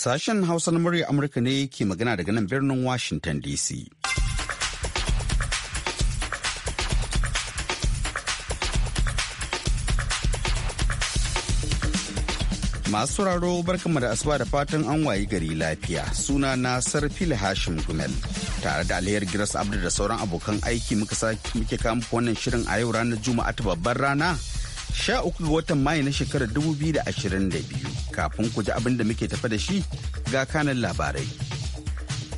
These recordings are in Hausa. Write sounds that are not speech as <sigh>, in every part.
Sashen Hausa na murya Amurka ne ke magana daga nan birnin Washington DC. Masu sauraro barkanmu da asuba da fatan an wayi gari lafiya suna na Sarfil Hashim Gumel tare da Aliyar Giras Abdu da sauran abokan aiki muka sake muke kamu wannan shirin a yau ranar Juma'a ta babbar rana 13 ga watan mai na shekarar 2022 kafin ku ji abin da muke tafa da shi ga kanan labarai.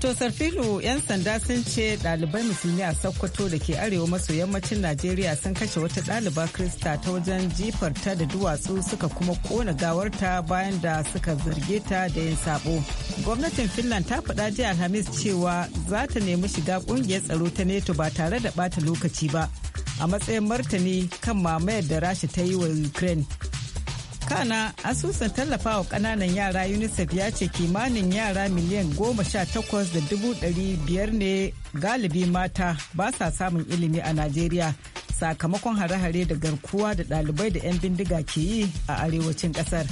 To Sarfilu 'yan sanda sun ce ɗalibai musulmi a Sokoto da ke arewa maso yammacin Najeriya sun kashe wata ɗaliba Krista ta wajen jifarta da duwatsu suka kuma kona gawarta bayan da suka zarge ta da yin sabo. Gwamnatin Finland ta faɗa jiya Alhamis cewa za ta nemi shiga ƙungiyar tsaro ta NATO ba tare da ɓata lokaci ba. a matsayin martani kan mamayar da rasha ta yi wa ukraine kana asusun tallafa wa kananan yara unicef ya ce kimanin yara miliyan goma sha takwas da dubu ɗari biyar ne galibi mata ba sa samun ilimi a najeriya sakamakon hare-hare da garkuwa da ɗalibai da 'yan bindiga ke yi a arewacin ƙasar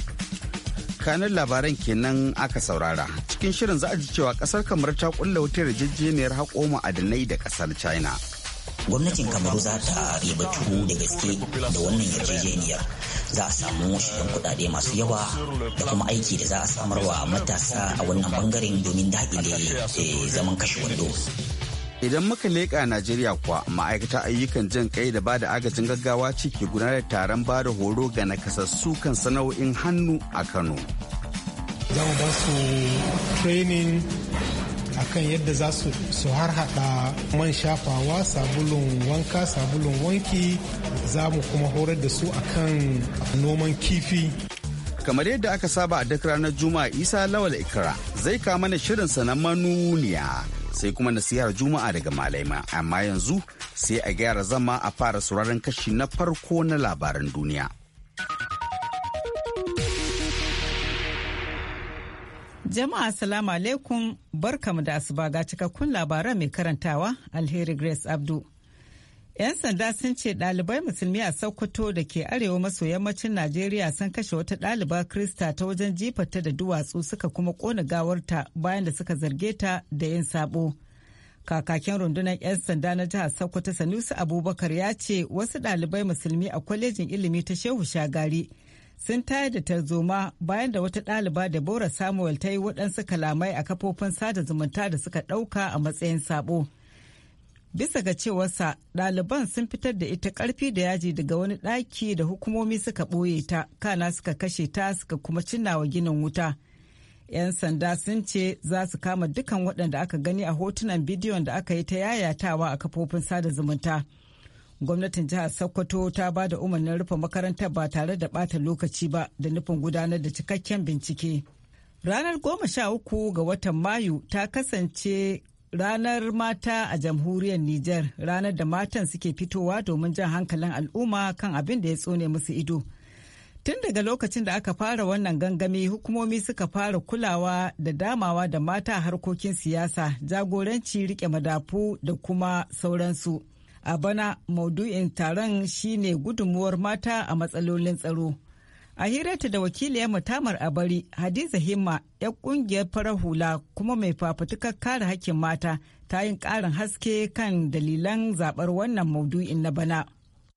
kanin labaran kenan aka saurara cikin shirin za a ji cewa ƙasar kamar ta kulla wutar yarjejeniyar haƙo ma'adanai da ƙasar china gwamnatin kamaru za ta ribatu da gaske da wannan yarjejeniyar za a samu shirin kudade masu yawa da kuma aiki da za a samarwa matasa a wannan bangaren domin daƙile eh, zaman kashe wando idan muka leƙa najeriya kuwa ma'aikata ayyukan jan kai da ba da agajin gaggawa ce ke gudanar taron ba da horo ga nakasassu kan sana'o'in hannu a kano za mu ba su training akan yadda za su harhaɗa man shafawa sabulun wanka sabulun wanki za mu kuma horar da su akan noman kifi kamar yadda aka saba a duk ranar juma'a isa lawal ikra zai kama mana shirin na manuniya sai kuma nasihar juma'a daga malaima amma yanzu sai a gyara zama a fara sauraron kashi na farko na labaran duniya Jama'a salamu alaikum barkamu da asuba ga cikakkun labaran mai karantawa Alheri Grace Abdu. 'Yan sanda sun ce ɗalibai musulmi a Sokoto da ke arewa maso yammacin Najeriya sun kashe wata ɗaliba Krista ta wajen jifarta da duwatsu suka kuma ƙona gawarta bayan da suka zarge ta da yin sabo. Kakakin rundunar 'yan sanda na jihar Sokoto Sanusi Abubakar ya ce wasu ɗalibai musulmi a kwalejin ilimi ta Shehu Shagari sun tayar da tarzoma bayan da wata ɗaliba Deborah Samuel ta yi waɗansu kalamai a kafofin sada zumunta da suka ɗauka a matsayin sabo. Bisa ga cewarsa, ɗaliban sun fitar da ita ƙarfi da yaji daga wani ɗaki da hukumomi suka ɓoye ta, kana suka kashe ta suka kuma cinnawa ginin wuta. 'Yan sanda sun ce za su kama dukan waɗanda aka gani a hotunan bidiyon da aka yi ta yayatawa a kafofin sada zumunta. gwamnatin jihar sokoto ta ba da umarnin rufe makarantar ba tare da bata lokaci ba da nufin gudanar da cikakken bincike ranar goma sha uku ga watan mayu ta kasance ranar mata a jamhuriyar niger ranar da matan suke fitowa domin jan hankalin al'umma kan abin da ya tsone musu ido tun daga lokacin da aka fara wannan gangami hukumomi suka fara kulawa da damawa da mata harkokin siyasa jagoranci rike madafu da kuma sauransu A bana maudu'in taron shine gudunmuwar mata a matsalolin tsaro. A hirarta da wakiliyar a bari, Hadiza Himma, 'yar kungiyar farar hula kuma mai fafutukar kare hakkin mata, ta yin ƙarin haske kan dalilan zaɓar wannan maudu'in na bana.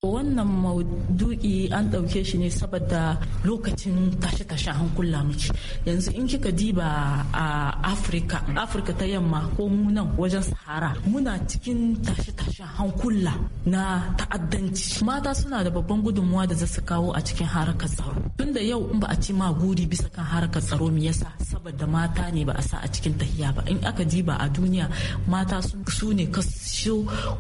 wannan maudu'i an ɗauke shi ne saboda lokacin tashe-tashe hankula muke yanzu in kika diba a afirka afirka ta yamma ko mu nan wajen sahara muna cikin tashe-tashen hankula na ta'addanci mata suna da babban gudunmuwa da za su kawo a cikin harkar tsaro tun da yau in ba a ci ma guri bisa kan harkar tsaro me yasa saboda mata ne ba a sa a cikin tahiya ba in aka diba a duniya mata su ne kaso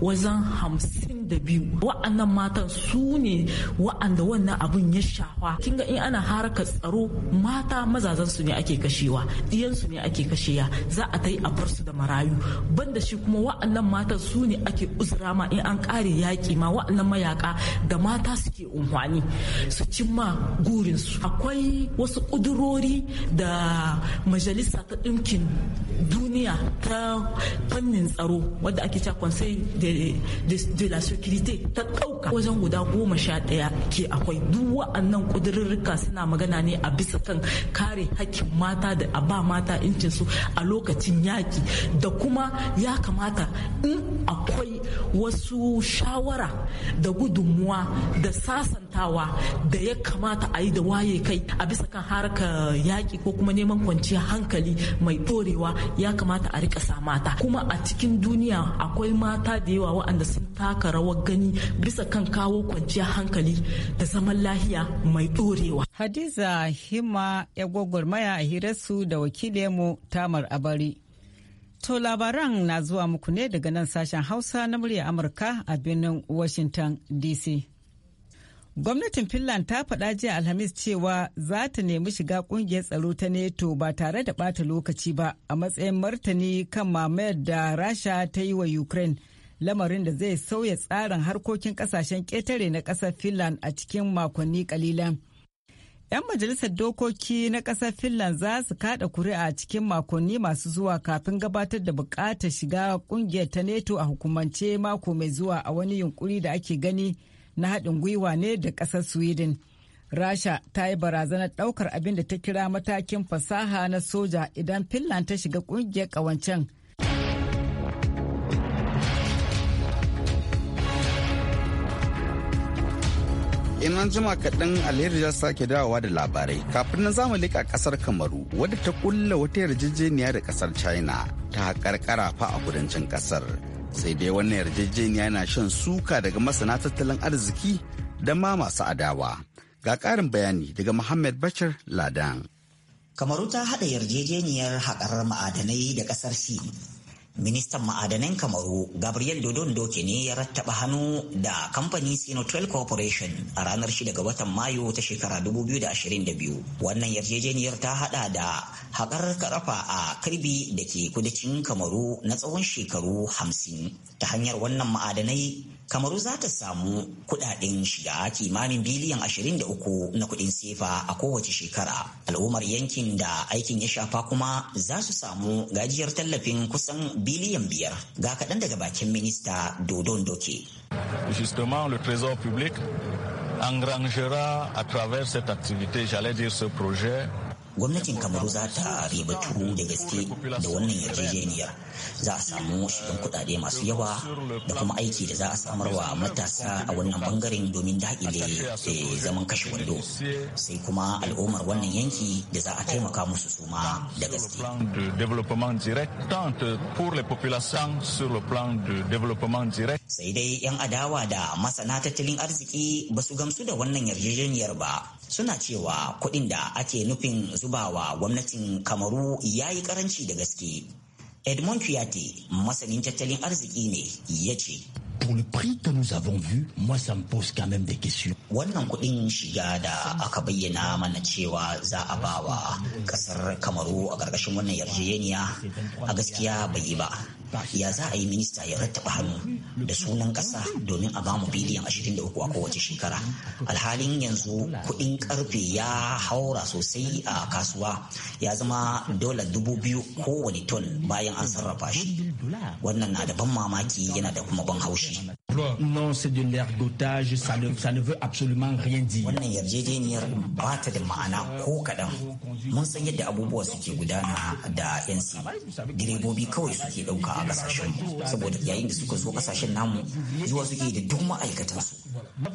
wajen hamsin da biyu wa'annan mata matan su ne wa'anda wannan abun ya shafa kin ga in ana haraka tsaro mata mazazan su ne ake kashewa diyan su ne ake kashewa za a tai a bar su da marayu banda shi kuma wa'annan matan su ne ake uzura ma in an kare yaki ma wa'annan mayaka da mata suke unhwani su cimma gurin su akwai wasu kudurori da majalisa ta dinkin duniya ta fannin tsaro wadda ake cewa conseil de la sécurité ta ɗauka wajen guda goma sha ɗaya ke akwai duk wa'annan ƙudurrurruka suna magana ne a bisa kan kare hakkin mata da a ba mata incinsu a lokacin yaƙi da kuma ya kamata in akwai wasu shawara da gudunmuwa da sasantawa da ya kamata a yi da waye kai a bisa kan harkar yaƙi ko kuma neman kwanciya hankali mai ɗorewa ya kamata a rika sa mata kuma a cikin duniya akwai mata da yawa waɗanda sun taka rawar gani bisa kan kawo kwanciyar hankali da zaman lahiya mai ɗorewa. Hadiza Hima ya gwagwarmaya a hirarsu da wakilinmu Tamar Abari. To labaran na zuwa muku ne daga nan sashen Hausa na murya Amurka a birnin Washington DC. Gwamnatin Finland ta faɗa jiya Alhamis cewa za ta nemi shiga ƙungiyar tsaro ta NATO ba tare da ɓata lokaci ba a matsayin martani kan mamayar da Rasha ta yi wa Ukraine. lamarin da zai sauya tsarin harkokin kasashen ƙetare na ƙasar Finland a cikin makonni kalilan. 'Yan majalisar dokoki na ƙasar Finland za su kada kuri'a cikin makonni masu zuwa kafin gabatar da bukatar shiga ƙungiyar ta NATO a hukumance mako mai zuwa a wani yunkuri da ake gani na haɗin gwiwa ne da ƙasar Sweden. Rasha ta yi barazanar ɗaukar abin da ta kira matakin fasaha na soja idan Finland ta shiga ƙungiyar ƙawancen. in an jima kaɗan alheri ya sake dawowa da labarai kafin nan zamu leƙa ƙasar kamaru wadda ta ƙulla wata yarjejeniya da ƙasar china ta haƙarƙara fa a kudancin ƙasar sai dai wannan yarjejeniya na shan suka daga masana tattalin arziki da ma masu adawa ga ƙarin bayani daga muhammad bashir ladan kamaru ta haɗa yarjejeniyar haƙar ma'adanai da ƙasar shi Ministan ma'adanan Kamaru Gabriel Dodon Doke ne ya rattaba hannu da kamfanin Sinotrel Corporation a ranar 6 ga watan Mayu ta shekara 2022. Wannan yarjejeniyar ta hada da haƙar karafa a karbi da ke kudacin Kamaru na tsawon shekaru 50. Ta hanyar wannan ma'adanai kamaru za ta samu kudaden shiga kimanin biliyan 23 na kudin sefa a kowace shekara al'ummar yankin da aikin ya shafa kuma za su samu gajiyar tallafin kusan biliyan biyar ga kaɗan daga bakin minista dodon doke justement le trésor public engrangera à travers cette activité j'allais dire ce projet gwamnatin kamaru za ta ribatu da gaske da wannan yarjejeniyar za a samu shigan kudade masu yawa da kuma aiki da za a samar wa matasa a wannan bangaren domin daƙile eh, zaman kashe wando sai kuma al'ummar wannan yanki da za a taimaka musu suma da gaske sai dai 'yan adawa da masana tattalin arziki ba su gamsu da wannan yarjejeniyar ba suna cewa kuɗin da ake nufin zubawa gwamnatin kamaru ya yi karanci da gaske edmond kuyate masanin tattalin arziki ne ya ce pour le prix que nous avons vu, moi ça me pose quand même des questions. Wannan kuɗin shiga da aka bayyana mana cewa za a bawa ƙasar Kamaru a ƙarƙashin wannan yarjejeniya a gaskiya bai yi ba. ya za a yi minista ya rattaba hannu da sunan kasa domin a bamu biliyan 23 a kowace shekara alhalin yanzu kuɗin karfe ya haura sosai a kasuwa ya zama dola dubu biyu kowane ton bayan an sarrafa shi wannan na da ban mamaki yana da kuma ban haushi Non, c'est de l'ergotage, ça ne, ça ne veut absolument rien dire. Wannan yarjejeniyar ba ta da ma'ana ko kaɗan. Mun san yadda abubuwa suke gudana da 'yan direbobi kawai suke ɗauka a ƙasashen saboda yayin da suka zo ƙasashen namu zuwa suke da duk ma'aikatan su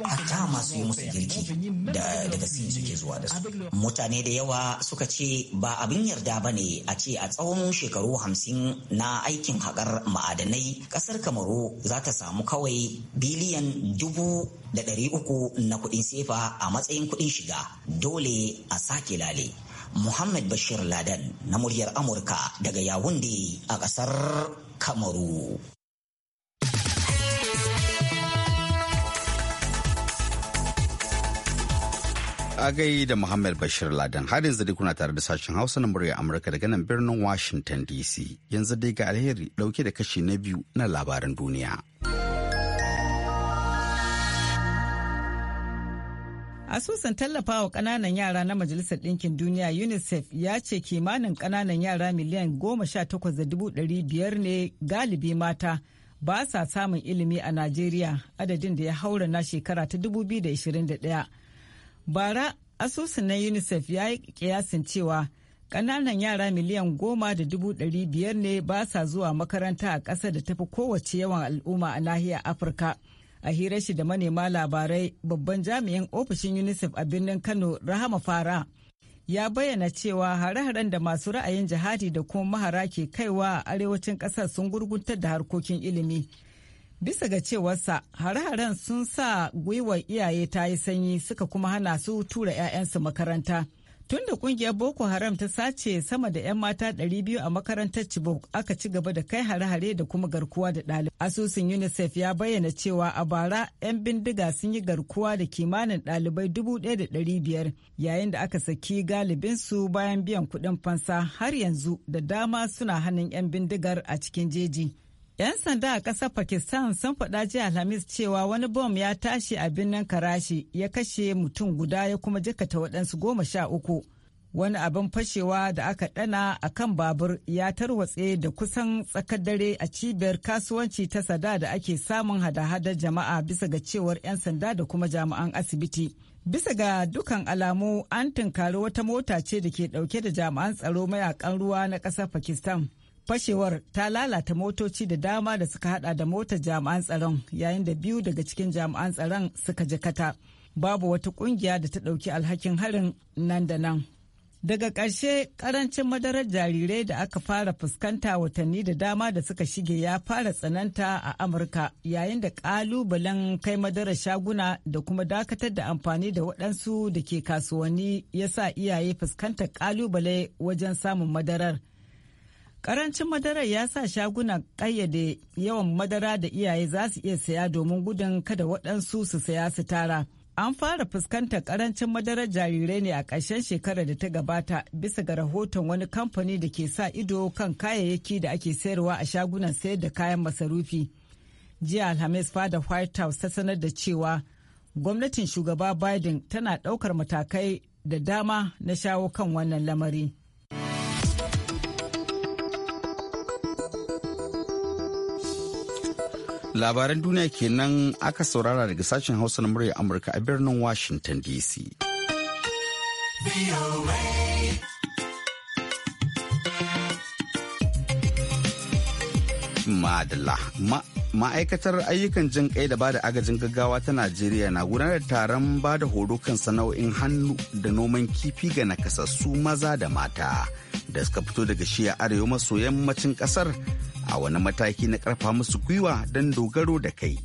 Hatta masu yi musu girki da daga sin suke zuwa da su. Mutane da yawa suka ce ba abin yarda ba ne a ce a tsawon shekaru hamsin na aikin haƙar ma'adanai ƙasar Kamaru za ta samu kawai biliyan dubu da ɗari uku na kuɗin sefa a matsayin kuɗin shiga dole a sake lale. Muhammad Bashir Laden na muryar Amurka daga Yawunde a ƙasar Kamaru. agai da Muhammad Bashir Laden har yanzu dai kuna tare da sashen Hausa na muryar Amurka daga nan birnin Washington DC. Yanzu dai ga alheri ɗauke da kashi na biyu na labaran duniya. Asusun tallafawa kananan yara na Majalisar Ɗinkin Duniya UNICEF ya ce kimanin kananan yara miliyan goma sha takwas da dubu biyar ne galibi mata ba sa samun ilimi a Najeriya adadin da ya haura na shekara ta 2021. Bara asusun na UNICEF ya yi kiyasin cewa kananan yara miliyan goma da dubu ne ba sa zuwa makaranta a ƙasa da tafi kowace yawan al'umma a nahiyar Afirka. a hirar shi da manema labarai babban jami'in ofishin unicef a birnin kano rahama fara ya bayyana cewa hare-haren da masu ra'ayin jihadi da kuma mahara ke kaiwa a arewacin kasar sun gurguntar da harkokin ilimi bisa ga cewarsa hare-haren sun sa gwiwar iyaye ta yi sanyi suka kuma hana su tura 'ya'yansu makaranta tunda kungiyar Boko Haram ta sace sama da 'yan mata 200 a makarantar Chibok aka ci gaba da kai hare-hare da kuma garkuwa da ɗalibai. Asusun UNICEF ya bayyana cewa a bara 'yan bindiga sun yi garkuwa da kimanin ɗalibai 1,500 yayin da aka saki galibin su bayan biyan kuɗin fansa har yanzu da dama suna hannun 'yan bindigar a cikin jeji. 'Yan sanda a ƙasar Pakistan sun faɗa jiya Alhamis cewa wani bom ya tashi a birnin Karashi ya kashe mutum guda ya kuma jikata waɗansu goma sha uku. Wani abin fashewa da aka ɗana a kan babur ya tarwatse da kusan tsakar dare a cibiyar kasuwanci ta sada da ake samun hada-hadar jama'a bisa ga cewar 'yan sanda da kuma jami'an asibiti. Bisa ga dukan alamu an tunkari wata mota ce da ke ɗauke da jami'an tsaro mayakan ruwa na ƙasar Pakistan. fashewar ta lalata motoci da dama da suka hada da motar jami'an tsaron yayin da biyu daga cikin jami'an tsaron suka jakata babu wata kungiya da ta dauki alhakin harin nan da nan daga ƙarshe karancin madarar jarirai da aka fara fuskanta watanni da dama da suka shige ya fara tsananta a amurka yayin da kalubalen kai madarar shaguna da kuma dakatar da amfani da waɗansu da ke kasuwanni ya sa iyaye fuskantar kalubale wajen samun madarar Karancin madarar ya sa shaguna ƙayyade yawan madara da iyaye za su iya saya domin gudun kada waɗansu su saya su tara. An fara fuskantar ƙarancin madarar jarirai ne a ƙarshen shekarar da ta gabata bisa ga rahoton wani kamfani da ke sa ido kan kayayyaki da ake sayarwa a shagunan sayar da kayan masarufi. Jiya Alhamis fada White House ta sanar da cewa gwamnatin shugaba Biden tana ɗaukar matakai da dama na shawo kan wannan lamari. labaran duniya kenan aka saurara daga sashen hausa na murya amurka a birnin washington dc madalla ma'aikatar ayyukan jin kai da bada agajin gaggawa ta najeriya na gudanar da taron bada horo kan sana'o'in hannu da noman kifi ga nakasassu maza da mata da suka fito daga shiya arewa maso yammacin kasar a wani mataki na karfa musu gwiwa don dogaro da kai.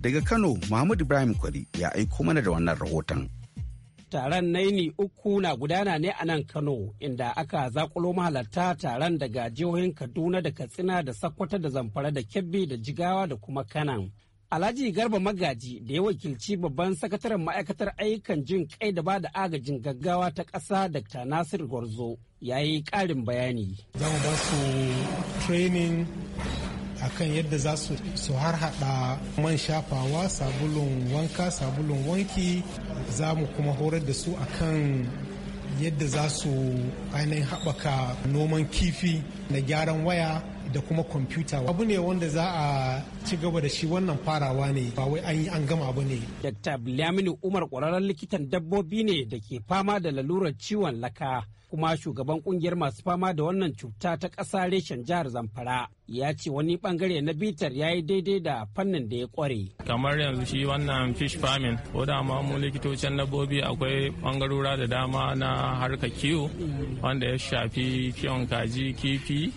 Daga Kano, Muhammad Ibrahim Kwari ya aiko mana da wannan rahoton. Taron naini uku na gudana ne a nan Kano, inda aka zakulo mahalarta taron daga jihohin Kaduna da Katsina da Sokoto da Zamfara da Kebbi da Jigawa da kuma Kanan. Alhaji Garba Magaji da ya wakilci babban sakataren ma'aikatar ayyukan jin kai da ba da agajin gaggawa ta ƙasa Dr. Nasir Gwarzo ya yi ƙarin bayani. Za mu ba su training a kan yadda za su harhaɗa man shafawa sabulun wanka sabulun wanki za mu kuma horar da su a kan yadda za su ainihin haɓaka noman kifi na gyaran waya da kuma kwamfuta abu ne wanda za a ci gaba da shi wannan farawa ne ba wai an yi an gama abu ne. Dr. Bilyamini Umar ƙwararren likitan dabbobi ne da ke fama da lalurar ciwon laka. kuma shugaban kungiyar masu fama da wannan cuta ta ƙasa reshen jihar zamfara ya ce wani bangare na bitar ya yi daidai da fannin da ya kware. kamar yanzu shi wannan fish farming ko da ma mu likitocin dabbobi akwai bangarora da dama na harka kiwo wanda ya shafi kiwon kaji kifi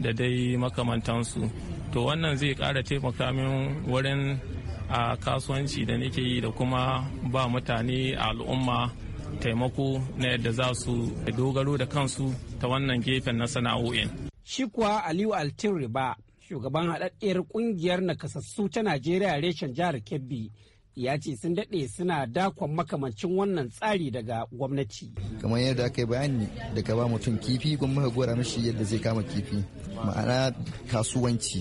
da dai makamantansu to wannan zai kara taimaka min wurin a kasuwanci da nake yi da kuma ba mutane a al'umma taimako na yadda za su dogaro da kansu ta wannan gefen na sana'o'in. Shi kuwa Aliyu Altin Riba, shugaban haɗaɗɗiyar ƙungiyar nakasassu ta Najeriya reshen jihar Kebbi, ya ce sun daɗe suna dakon makamancin wannan tsari daga gwamnati. kamar yadda aka yi bayani da ka ba mutum kifi kuma muka gora mishi yadda zai kama kifi ma'ana kasuwanci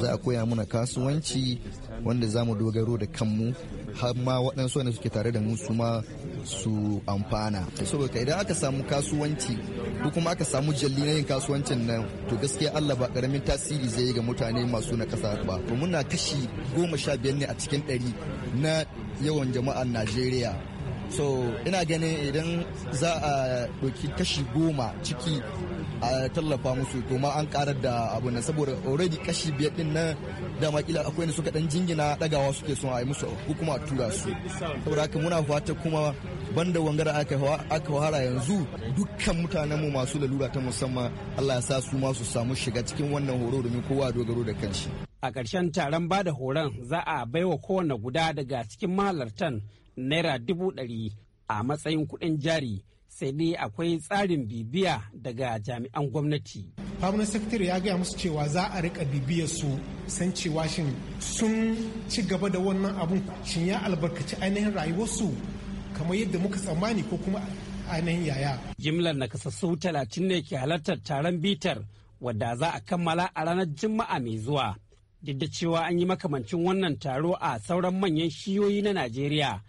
za a koya muna kasuwanci wanda za mu dogaro da kanmu har ma waɗansu wanda suke tare da mu su ma su amfana saboda idan aka samu kasuwanci ko kuma aka samu jalli na yin kasuwancin nan to gaskiya Allah ba karamin tasiri zai yi ga mutane masu na kasa ba to muna kashi goma sha biyar ne a cikin ɗari na na yawan jama'ar najeriya so ina ganin idan za a doki kashi goma ciki a tallafa musu to ma an karar da abu na saboda already kashi biyar din na dama kila akwai suka dan jingina dagawa suke son a yi musu ko kuma a tura su saboda haka muna fata kuma banda wangara aka aka wahara yanzu dukkan mutanen mu masu lalura ta musamman Allah ya sa su ma su samu shiga cikin wannan horo domin kowa dogaro da kanshi a ƙarshen taron bada horon za a baiwa kowane guda daga cikin mahalartan naira dubu ɗari a matsayin kuɗin jari sai dai akwai tsarin bibiya daga jami'an gwamnati. Famunan Sakitare ya gaya musu cewa za a rika bibiyar su san cewa shin sun ci gaba da wannan abun shin ya albarkaci ainihin rayuwarsu kamar yadda muka tsammani ko kuma ainihin yaya. Jimlar nakasassu talatin ne ke halartar taron bitar wadda za a kammala a ranar Juma'a mai zuwa. duk da cewa an yi makamancin wannan taro a sauran manyan shiyoyi na Najeriya,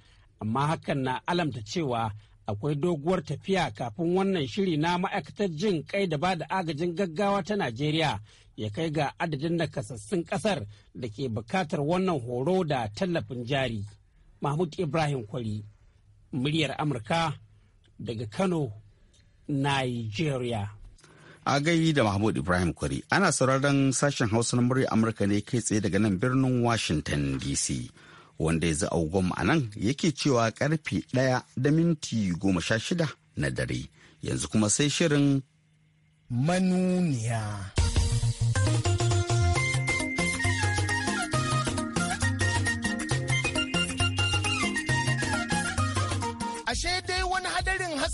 amma hakan na alamta cewa akwai doguwar tafiya kafin wannan shiri na ma'aikatar jin kai da ba da agajin gaggawa ta Najeriya ya kai ga adadin nakasassun kasar da ke bukatar wannan horo da tallafin jari. Mahmud Ibrahim Kwari, muryar Amurka daga Kano, Nigeria. a gai da Mahmud Ibrahim Kwari. Ana sauraron sashen Hausa na murya Amurka ne kai tsaye daga nan birnin Washington DC. Wanda yanzu agogon a nan yake cewa karfe ɗaya da minti goma sha shida na dare. Yanzu kuma sai shirin manuniya.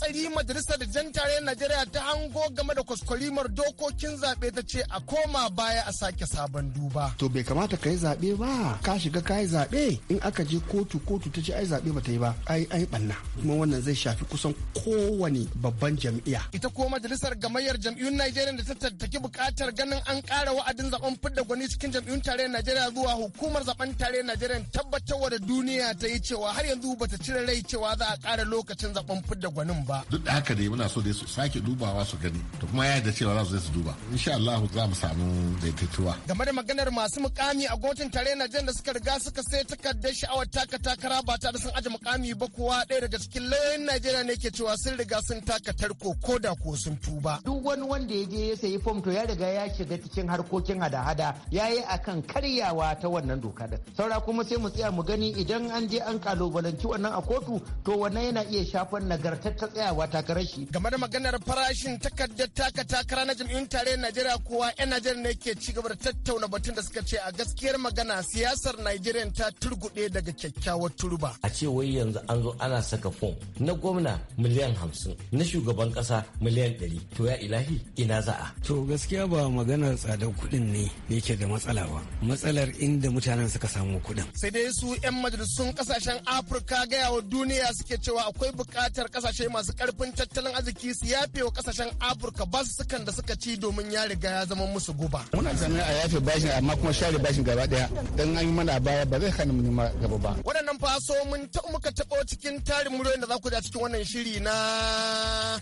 hatsari majalisar da jan tarayyar Najeriya ta hango game da kwaskwarimar dokokin zaɓe ta ce a koma baya a sake sabon duba. To bai kamata ka yi zaɓe ba ka shiga ka yi zaɓe in aka je kotu kotu ta ce ai zaɓe ba ta yi ba ai ai ɓanna kuma wannan zai shafi kusan kowane babban jam'iyya. Ita ko majalisar gamayyar jam'iyyun Najeriya da ta tattaki buƙatar ganin an ƙara wa'adin zaɓen fidda gwani cikin jam'iyyun tarayyar Najeriya zuwa hukumar zaɓen tarayyar Najeriya tabbatarwa da duniya ta yi cewa har yanzu bata cire rai cewa za a ƙara lokacin zaɓen fidda gwanin ba. ba duk da haka dai muna so dai su sake dubawa su gani to kuma ya da cewa za su su duba insha Allah za mu samu daidaituwa game da maganar masu mukami a gotin tare na jan da suka riga suka sai takardar sha'awar taka takara ba ta da sun aje mukami ba kowa ɗaya daga cikin lauyoyin Najeriya ne ke cewa sun riga sun taka tarko ko da ko sun tuba duk wani wanda ya je ya sayi fom to ya riga ya shiga cikin harkokin hada-hada ya yi akan karyawa ta wannan doka da saura kuma sai mu tsaya mu gani idan an je an kalubalanci wannan a kotu to wannan yana iya shafar nagartattar tsayawa takarar shi. Game da maganar farashin takardar taka takara na jam'iyyun tare Najeriya kowa 'yan Najeriya ne ke ci gaba da tattauna batun da suka ce a gaskiyar magana siyasar Najeriya ta turgude daga kyakkyawar turba. A ce wai yanzu an zo ana saka fom na gwamna miliyan hamsin na shugaban kasa miliyan ɗari to ya ilahi ina za'a. To gaskiya ba maganar tsadar kuɗin ne yake da matsala ba matsalar inda mutanen suka samu kuɗin. Sai dai su 'yan majalisun kasashen Afirka gaya wa duniya suke cewa akwai buƙatar kasashe masu masu karfin tattalin arziki su yafe wa kasashen afirka sukan da suka ci domin ya riga ya zama musu guba muna tsanin a yafe bashin amma kuma share bashin gaba daya don an yi mana baya ba zai hana mu gaba ba waɗannan faso mun taɓa muka taɓa cikin tarin muryoyin da za ku da cikin wannan shiri na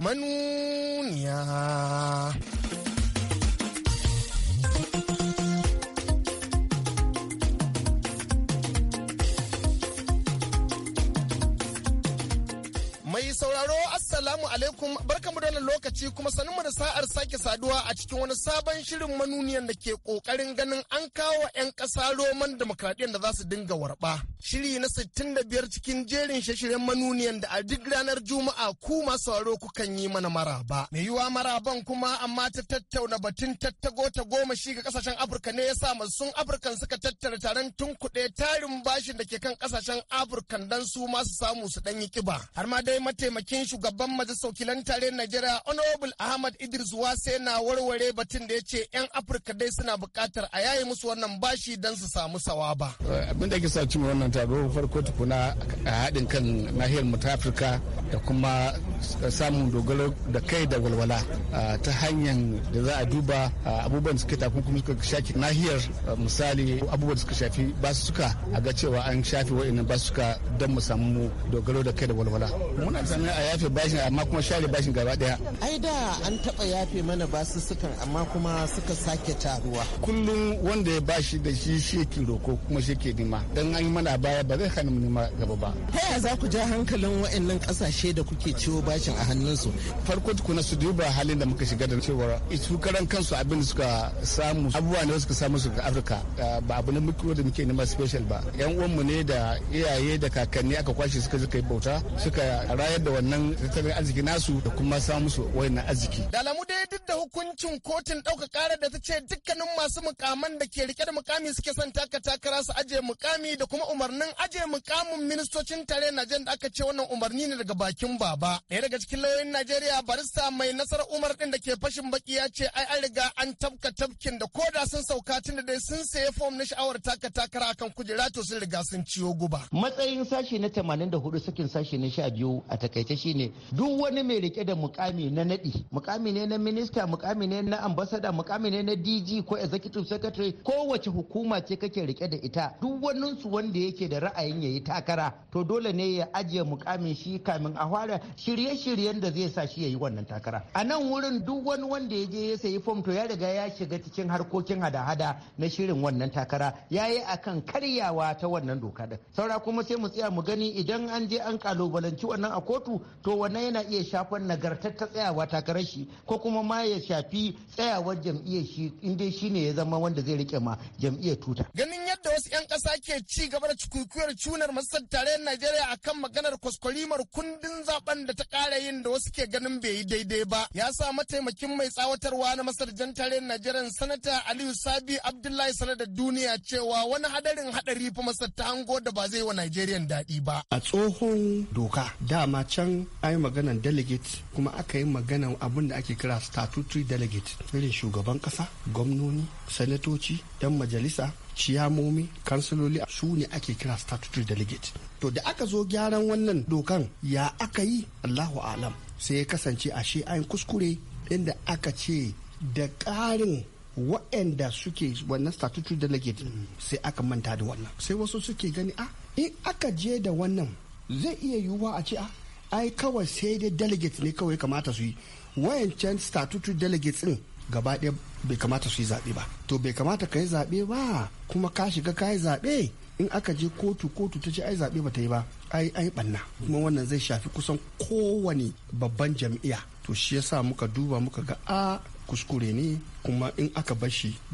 manuniya Barka mu da lokaci kuma sanin mu da sa'ar sake saduwa a cikin wani sabon shirin manuniyan da ke kokarin ganin an kawo 'yan kasa roman demokradiyyar da za su dinga warba. Shiri na 65 cikin jerin shashiren manuniyan da a duk ranar Juma'a ku masu sauraro kukan yi mana maraba. Mai yiwa maraban kuma amma ta tattauna batun tattago ta goma shi ga kasashen Afirka ne yasa masun Afirkan suka tattara taron tun kuɗe tarin bashin da ke kan kasashen Afirkan dan su masu samu su ɗan yi kiba. Har ma dai mataimakin shugaban majalisar wakilan tare Najeriya Honorable Ahmad Idris Wase na warware batun da ya ce 'yan Afirka dai suna buƙatar a yaye musu wannan bashi don su samu sawaba. Abin da ke sa cimma wannan taro farko tukuna a haɗin kan nahiyar mu ta Afirka da kuma samun dogaro da kai da walwala ta hanyar da za a duba abubuwan da tafi kuma suka shafi nahiyar misali abubuwan suka shafi suka a ga cewa an shafe wa'annan suka don mu samu dogaro da kai da walwala. Muna sami a yafe bashi amma kuma shafe share bashin gaba daya ai da an taba yafe mana basussukan amma kuma suka sake taruwa kullum wanda ya bashi da shi shi ke roko kuma shi ke nima dan an yi mana baya ba zai hana nima gaba ba ta yaya za ku ja hankalin wa'annan kasashe da kuke ciwo bashin a hannunsu farko tukuna su duba halin da muka shiga da cewar su karan kansu abin suka samu abubuwa ne suka samu su ga afirka eh, ba abu na mikro da muke nema special ba yan uwanmu ne da iyaye da kakanni aka kwashe suka zuka yi bauta suka rayar da wannan tattalin arziki nasu su da kuma sa musu wayannan arziki. Da dai duk da hukuncin kotun ɗauka ƙara da ta ce dukkanin masu mukaman da ke rike da mukami suke son taka takara su aje mukami da kuma umarnin aje mukamin ministocin tare jan da aka ce wannan umarni ne daga bakin baba. Ɗaya daga cikin lauyoyin Najeriya barista mai nasarar Umar ɗin da ke fashin baki ya ce ai an riga an tafka tafkin da koda sun sauka tun da dai sun saye fom na sha'awar taka takara akan kujera to sun riga sun ciyo guba. Matsayin sashi na 84 sakin sashi na 12 a takaice shine duk wani mai mai rike da mukami na nadi mukami ne na minista mukami ne na ambasada mukami ne na DG ko executive secretary kowace hukuma ce kake rike da ita duk wannan su wanda yake da ra'ayin yayi takara to dole ne ya ajiye mukamin shi kamin a fara shirye-shiryen da zai sa shi yayi wannan takara a nan wurin duk wani wanda ya je ya sayi fom to ya riga ya shiga cikin harkokin hada-hada na shirin wannan takara yayi akan karyawa ta wannan doka din saura kuma sai mu tsaya mu gani idan an je an kalubalanci wannan a kotu to wannan yana iya shafa nagartar ta tsayawa takarar shi ko kuma ma ya shafi tsayawar jam'iyyar shi inda shi ne ya zama wanda zai rike ma jam'iyyar tuta. Ganin yadda wasu 'yan ƙasa ke ci gaba da cikuikuyar cunar masar tarayyar Najeriya akan maganar kwaskwarimar kundin zaben da ta kara yin da wasu ke ganin bai yi daidai ba ya sa mataimakin mai tsawatarwa na masar jan tarayyar Najeriya sanata Aliyu Sabi Abdullahi sanadar duniya cewa wani hadarin hadari fa masar ta hango da ba zai wa Najeriya daɗi ba. A tsohon doka dama can ai maganar delegate delegate kuma aka yi magana abin da ake kira statutory delegate irin shugaban kasa gwamnoni sanatoci yan majalisa ciyamomi kansiloli su ne ake kira statutory delegate to da aka zo gyaran wannan dokan ya aka yi allahu alam sai ya kasance ashe an kuskure inda aka ce da ƙarin waɗanda suke wannan statutory delegate sai aka manta da wannan sai wasu suke gani a ah, in aka je da wannan zai iya yiwuwa a ce a ah, ai kawai sai dai delegates ne kawai kamata su yi wayancan statutory delegates din gaba ɗaya bai kamata su yi zaɓe ba to bai kamata ka yi zaɓe ba kuma ka shiga ka yi zaɓe in aka je kotu kotu ta ce ai zaɓe ba ta yi ba ai ai ɓanna kuma wannan zai shafi kusan kowane babban jam'iyya to shi yasa muka duba muka ga a kuskure ne kuma in aka bar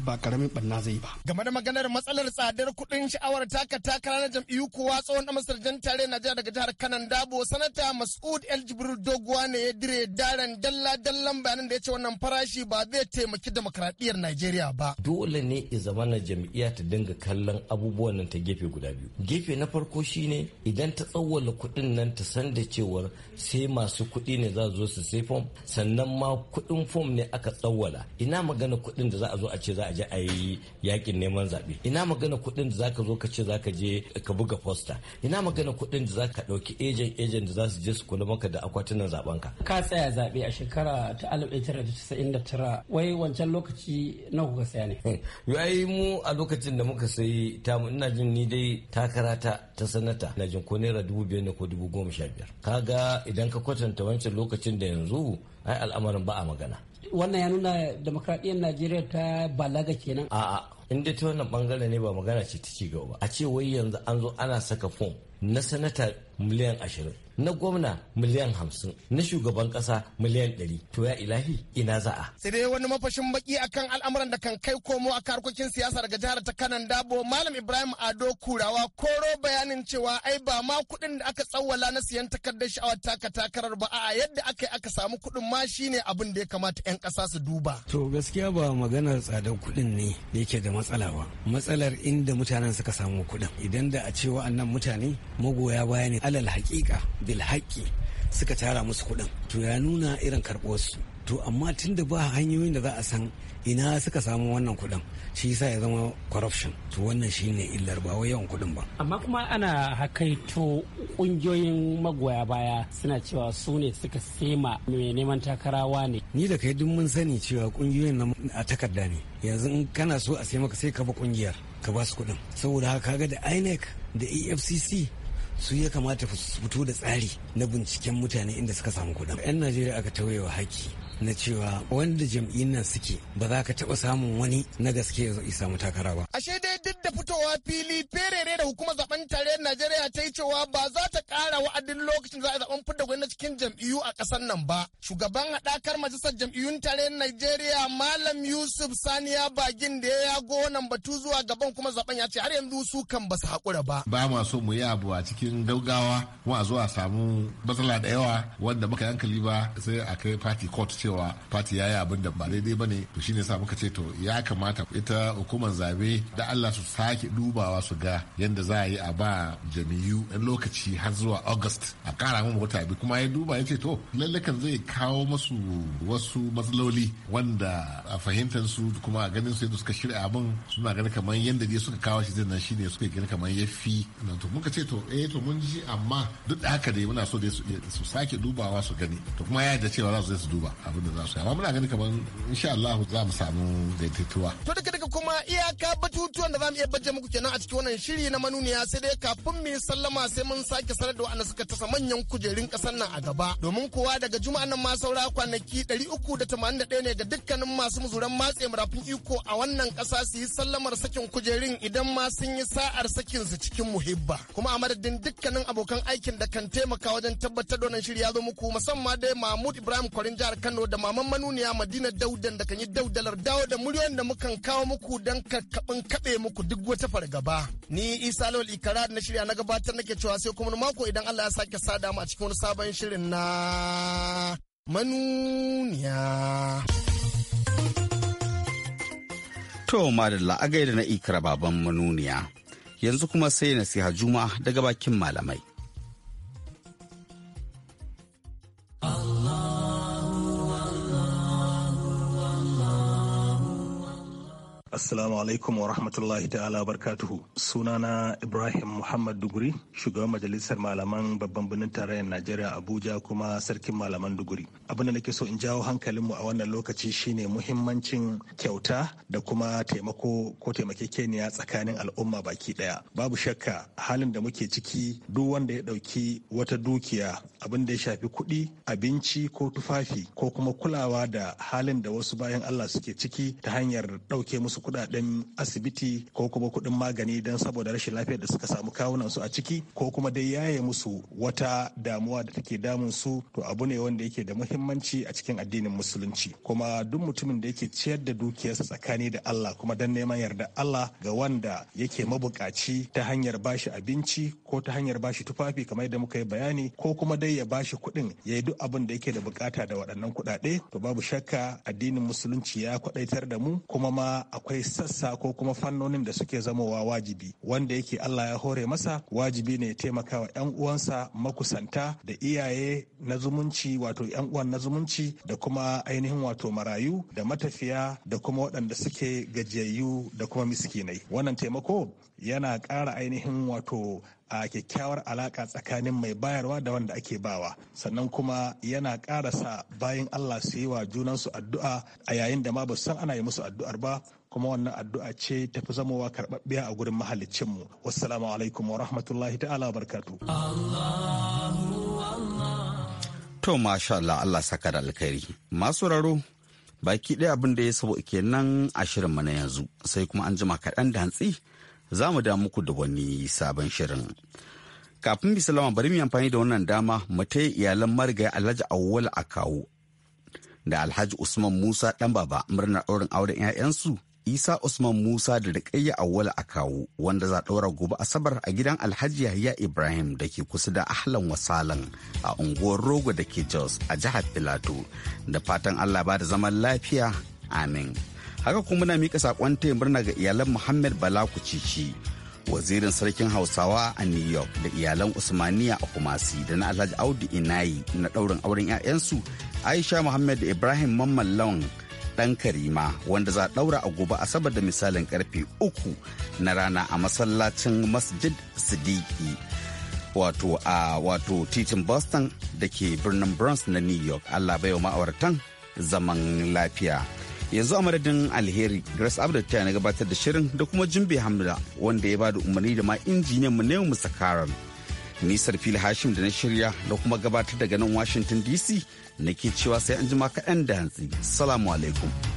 ba karamin banna zai ba. Game da maganar matsalar tsadar kuɗin sha'awar taka takara na jam'iyyu kuwa tsohon amasar jan tare na daga jihar Kanan Dabo sanata Mas'ud El Jibril Doguwa ne ya dire daren dalla dallan bayanan da ya ce wannan farashi ba zai taimaki demokradiyyar Najeriya ba. Dole ne ya zama na jam'iyya ta dinga kallon abubuwan nan ta gefe guda biyu. Gefe na farko shine idan ta tsawwala kuɗin nan ta san da cewar sai masu kuɗi ne za su zo su sai fom sannan ma kuɗin fom ne aka tsawwala. Ina magana magana kuɗin da za a zo a ce za a je a yi yakin neman zaɓe ina magana kuɗin da za ka zo ka ce za ka je ka buga fosta ina magana kuɗin da za ka ɗauki ejen ejen da za su je su kula maka da akwatunan zaɓen ka. ka tsaya zaɓe a shekara ta 1999 wai wancan lokaci na kuka saya ne. <laughs> yayi mu a lokacin da muka sayi tamu ina jin ni dai takara ta ta sanata ina jin ko naira dubu biyar ne ko dubu goma sha biyar kaga idan ka kwatanta wancan lokacin da yanzu ai al'amarin ba a magana wannan ya nuna demokradiyyar najeriya ta balaga kenan a'a in dai ta wannan bangare ne ba magana ce ta ci gaba a ce wai yanzu an zo ana saka fom na sanata miliyan ashirin na gwamna miliyan hamsin na shugaban kasa miliyan ɗari to ya ilahi ina za'a. sai dai wani mafashin baki akan al'amuran da kan kai komo a harkokin siyasa daga jihar ta kanan dabo malam ibrahim ado kurawa koro bayanin cewa ai ba ma kuɗin da aka tsawwala na siyan takardar sha'awar taka takarar ba a yadda aka aka samu kuɗin ma shine abin da ya kamata 'yan ƙasa su duba. to gaskiya ba maganar tsadar kuɗin ne yake da matsala ba matsalar inda mutanen suka samu kuɗin idan da a ce wa'annan mutane magoya baya ne alal haƙiƙa bil haƙi suka tara musu kuɗin to ya nuna irin karɓuwarsu to amma tun da ba hanyoyin da za a san ina suka samu wannan kuɗin shi yasa ya zama corruption to wannan shi ne illar ba wai yawan kuɗin ba amma kuma ana hakaito ƙungiyoyin magoya baya suna cewa su ne suka sema mai neman takarawa ne ni da kai duk mun sani cewa ƙungiyoyin na a takarda ne yanzu in kana so a sai maka sai ka ba ƙungiyar ka ba su kuɗin saboda haka ga da inec da efcc su ya kamata su fito da tsari na binciken mutane inda suka samu kuɗin 'yan najeriya aka wa haƙƙi na cewa wanda jam'iyyun nan suke ba za ka taɓa samun wani na gaske ya samu takara ba ashe dai duk da fitowa fili ferere da hukumar zaben tarayyar Najeriya ta yi cewa ba za ta kara wa'adin lokacin za a zaben fidda gwamnati cikin jam'iyyu a ƙasar nan ba. Shugaban haɗakar majalisar jam'iyyun tarayyar Najeriya Malam Yusuf Saniya Bagin da ya yago nan batu zuwa gaban kuma zaben ya ce har yanzu su kan ba su haƙura ba. Ba ma so mu yi abu a cikin gaugawa wa a zo a samu matsala da yawa wanda muka hankali ba sai a kai party court cewa party ya yi abin da ba daidai ba ne to shine sa muka ce to ya kamata ita hukumar zabe da Allah su sake dubawa su ga yadda za a yi a ba jami'u yan lokaci har zuwa August a kara mu wata bi kuma ya duba ya ce to lallakan zai kawo masu wasu matsaloli wanda a fahimtar su kuma a ganin su yadda suka shirya abin suna ganin kamar yadda dai suka kawo shi zai nan shine suka gani kamar ya fi to muka ce to eh to mun ji amma duk da haka dai muna so dai su sake dubawa su gani to kuma ya yarda cewa za su su duba abin da za su yi amma muna gani kamar insha Allah za mu samu daidaituwa to daga kuma iyaka batutuwan da za mu iya baje muku kenan a cikin wannan shiri na manuniya sai dai kafin mu yi sallama sai mun sake sanar da waɗanda suka tasa manyan kujerun ƙasar nan a gaba. Domin kowa daga juma'an nan ma saura kwanaki 381 ne ga dukkanin masu muzuran matse murafin iko a wannan ƙasa su yi sallamar sakin kujerun idan ma sun yi sa'ar sakin su cikin muhibba. Kuma a madadin dukkanin abokan aikin da kan taimaka wajen tabbatar da wannan shiri ya zo muku musamman dai Mahmud Ibrahim Kwarin jihar Kano da Maman Manuniya Madina Daudan da kan yi daudalar dawo da muryoyin da mukan kawo muku don kakkaɓin kaɓe muku duk wata fargaba. Ni Isa Lawal Ikara na shirya na gabatar nake cewa sai kuma mako idan Allah ya sake sada mu a cikin wani sabon shirin na manuniya. To madalla a gaida na ikara baban manuniya. Yanzu kuma sai nasiha juma daga bakin malamai. Assalamu alaikum wa rahmatullahi ta'ala barkatuhu. Sunana Ibrahim Muhammad Duguri, shugaban majalisar malaman babban birnin tarayyar Najeriya Abuja kuma sarkin malaman Duguri. Abin da nake so in jawo hankalinmu a wannan lokaci shine muhimmancin kyauta da kuma taimako ko taimakekeniya tsakanin al'umma baki daya. Babu shakka halin da muke ciki duk wanda ya dauki wata dukiya abin da ya shafi kuɗi, abinci ko tufafi ko kuma kulawa da halin da wasu bayan Allah suke ciki ta hanyar ɗauke musu kudaden asibiti ko kuma kudin magani don saboda rashin lafiyar da suka samu kawunan su a ciki ko kuma dai yaye musu wata damuwa da take damun su to abu ne wanda yake da muhimmanci a cikin addinin musulunci kuma duk mutumin da yake ciyar da dukiyarsa tsakani da Allah kuma dan neman yarda Allah ga wanda yake mabukaci ta hanyar bashi abinci ko ta hanyar bashi tufafi kamar yadda muka yi bayani ko kuma dai ya bashi kuɗin ya yi duk abin da yake da bukata da waɗannan kuɗaɗe to babu shakka addinin musulunci ya kwaɗaitar da mu kuma ma akwai akwai sassa ko kuma fannonin da suke zamowa wajibi wanda yake Allah ya hore masa wajibi ne ya taimaka 'yan uwansa makusanta da iyaye na zumunci wato 'yan uwan na zumunci da kuma ainihin wato marayu da matafiya da kuma waɗanda suke gajiyayyu da kuma miskinai wannan taimako yana ƙara ainihin wato a kyakkyawar alaka tsakanin mai bayarwa da wanda ake bawa sannan kuma yana ƙarasa bayan allah su yi wa junansu addu'a a yayin da ma ba san ana yi musu addu'ar ba kuma wannan addu'a ce ta tafi zamowa karɓaɓɓiya a gurin mahaliccin wassalamu alaikum wa rahmatullahi ta'ala barkatu to masha Allah Allah saka da alkhairi masu raro baki ɗaya abin da ya sabo nan a shirin mu na yanzu sai kuma an jima kaɗan da hantsi za mu da muku da wani sabon shirin kafin bisalama bari mu amfani da wannan dama mu ta iyalan marigayi alhaji awwal a kawo da alhaji usman musa dan baba murnar ɗaurin auren 'ya'yansu isa usman musa da rikayya awwal a kawo wanda za ɗaura gobe asabar a gidan alhaji yahya ibrahim da ke kusa da ahlan wasalan a unguwar rogo da ke jos a jihar filato da fatan allah ba da zaman lafiya amin haka kuma muna mika saƙon taya murna ga iyalan muhammad bala kucici wazirin sarkin hausawa a new york da iyalan usmaniya a kumasi da na alhaji audu inayi na ɗaurin auren 'ya'yansu aisha muhammad da ibrahim mamman lawan ɗan karima wanda za a ɗaura a gobe asabar da misalin karfe uku na rana a masallacin masjid sidiki wato a wato titin boston da ke birnin bronx na new york allah wa ma'auratan zaman lafiya yanzu a madadin alheri grace abdul ta na gabatar da shirin da kuma jimbe hamda wanda ya bada umarni da ma injiniyan mu ne mu nisar fil hashim da na shirya da kuma gabatar daga nan washington dc nake cewa sai an jima kaɗan da hantsi. Salamu alaikum.